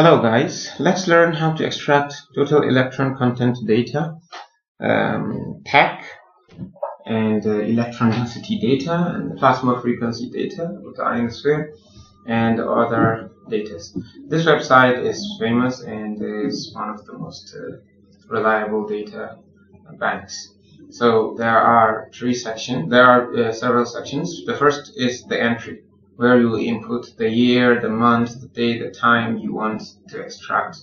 Hello guys, let's learn how to extract total electron content data, um, and uh, electron density data, and plasma frequency data with the ion sphere, and other data. This website is famous and is one of the most uh, reliable data banks. So there are three sections, there are uh, several sections. The first is the entry where you input the year, the month, the day, the time you want to extract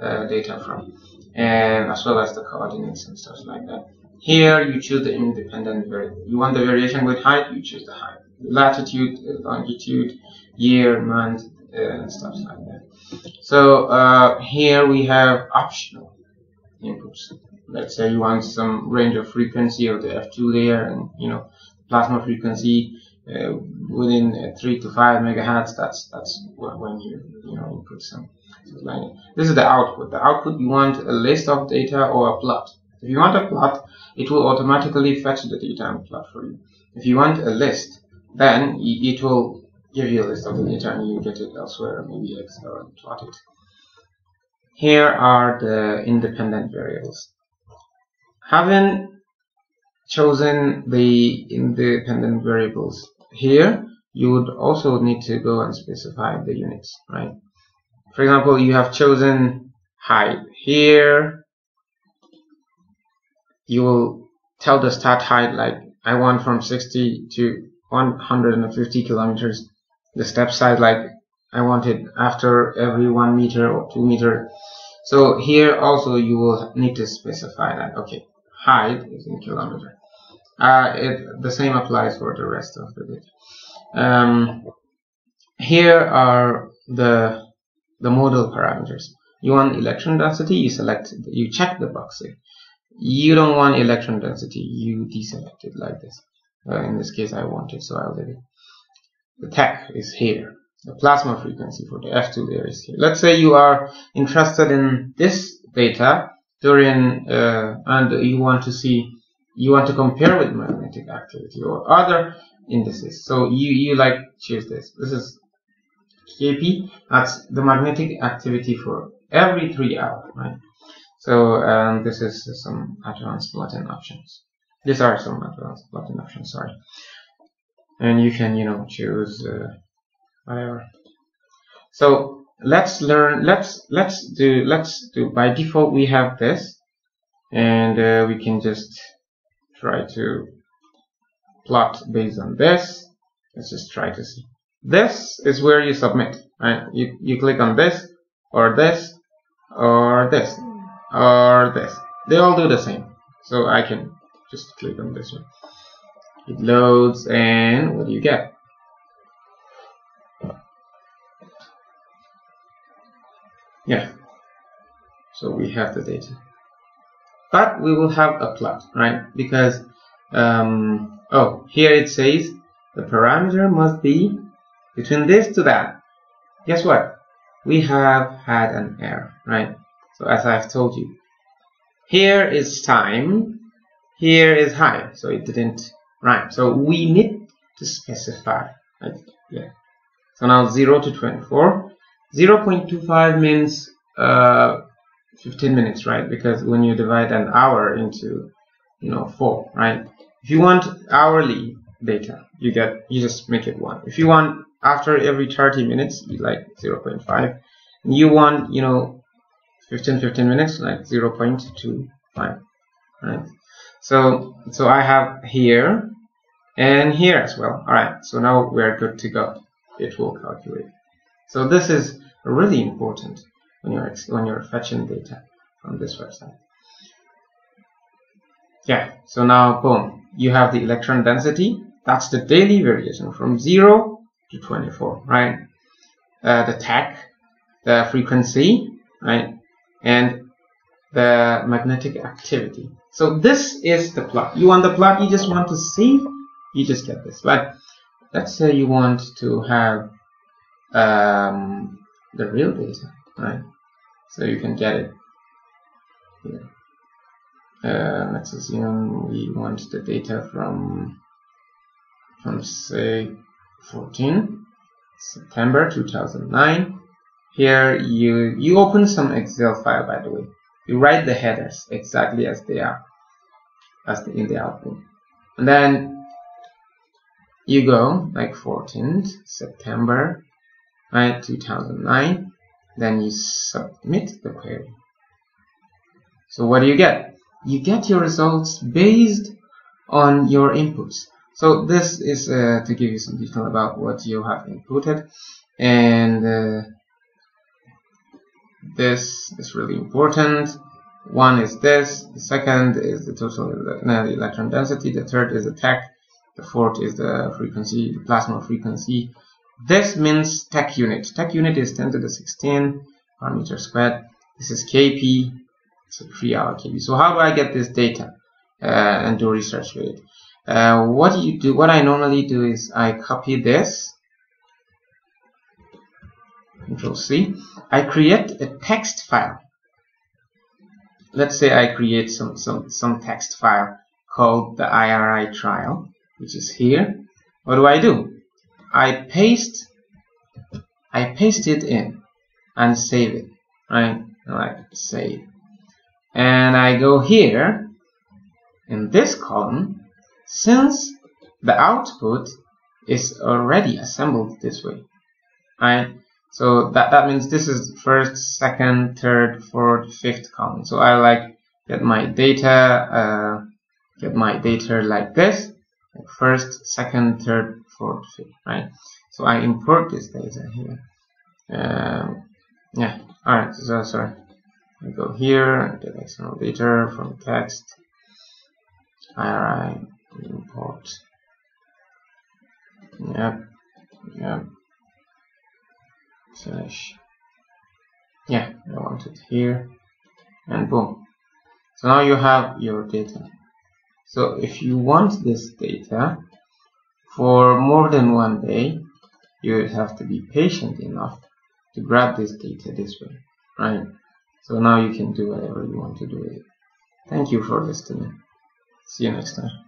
uh, data from, and um, as well as the coordinates and stuff like that. Here you choose the independent variable. You want the variation with height, you choose the height. Latitude, uh, longitude, year, month, uh, and stuff like that. So uh, here we have optional inputs. Let's say you want some range of frequency of the F2 layer and you know plasma frequency uh, within three to five megahertz. That's that's when you you know input some. This is the output. The output you want a list of data or a plot. If you want a plot, it will automatically fetch the data and plot for you. If you want a list, then it will give you a list of the data and you get it elsewhere, maybe Excel and plot it. Here are the independent variables. Having chosen the independent variables, here you would also need to go and specify the units right for example you have chosen height here you will tell the start height like I want from 60 to 150 kilometers the step size like I want it after every one meter or two meter so here also you will need to specify that okay height is in kilometer uh, it, the same applies for the rest of the bit. Um, here are the the model parameters. You want electron density, you select, you check the box You don't want electron density, you deselect it like this. Uh, in this case, I want it, so I'll leave it. The tech is here. The plasma frequency for the F2 layer is here. Let's say you are interested in this data during, uh, and you want to see you want to compare with magnetic activity or other indices. So you, you like choose this. This is KP. That's the magnetic activity for every three hours, right? So um, this is some advanced plotting options. These are some advanced plotting options, sorry. And you can, you know, choose uh, whatever. So let's learn. Let's let's do let's do. By default, we have this, and uh, we can just try to plot based on this. Let's just try to see. This is where you submit. Right? You, you click on this, or this, or this, or this. They all do the same. So I can just click on this one. It loads, and what do you get? Yeah. So we have the data but we will have a plot right because um, oh here it says the parameter must be between this to that guess what we have had an error right so as I've told you here is time here is high so it didn't rhyme so we need to specify like, yeah so now 0 to 24 0 0.25 means uh, 15 minutes, right? Because when you divide an hour into, you know, four, right? If you want hourly data, you get, you just make it one. If you want after every 30 minutes, you like 0.5. And you want, you know, 15, 15 minutes, like 0.25, right? So, so I have here and here as well. All right, so now we're good to go. It will calculate. So this is really important when you're when you're fetching data from this website. Yeah, so now boom, you have the electron density. That's the daily variation from 0 to 24, right? Uh, the tech, the frequency, right? And the magnetic activity. So this is the plot. You want the plot you just want to see, you just get this. But let's say you want to have um, the real data, right? so you can get it. here. Uh, let's assume we want the data from from say 14 September 2009. Here you you open some Excel file by the way. You write the headers exactly as they are as the, in the output, and then you go like 14th September right 2009 then you submit the query. So what do you get? You get your results based on your inputs. So this is uh, to give you some detail about what you have inputted and uh, this is really important. One is this, the second is the total uh, electron density, the third is the tech, the fourth is the frequency, the plasma frequency, this means tech unit. Tech unit is 10 to the 16 per meter squared. This is KP, it's a 3 hour KP. So how do I get this data uh, and do research with it? Uh, what you do, what I normally do is I copy this, Control C. I create a text file. Let's say I create some some some text file called the IRI trial, which is here. What do I do? I paste I paste it in and save it right like save and I go here in this column since the output is already assembled this way right so that, that means this is first second third fourth fifth column so I like get my data uh, get my data like this first second third field, right? So I import this data here. Um, yeah, all right, so sorry. I go here, get external data from text, IRI, import. Yep, yep. Slash. Yeah, I want it here. And boom. So now you have your data. So if you want this data, for more than one day, you have to be patient enough to grab this data this way, right? So now you can do whatever you want to do with it. Thank you for listening. See you next time.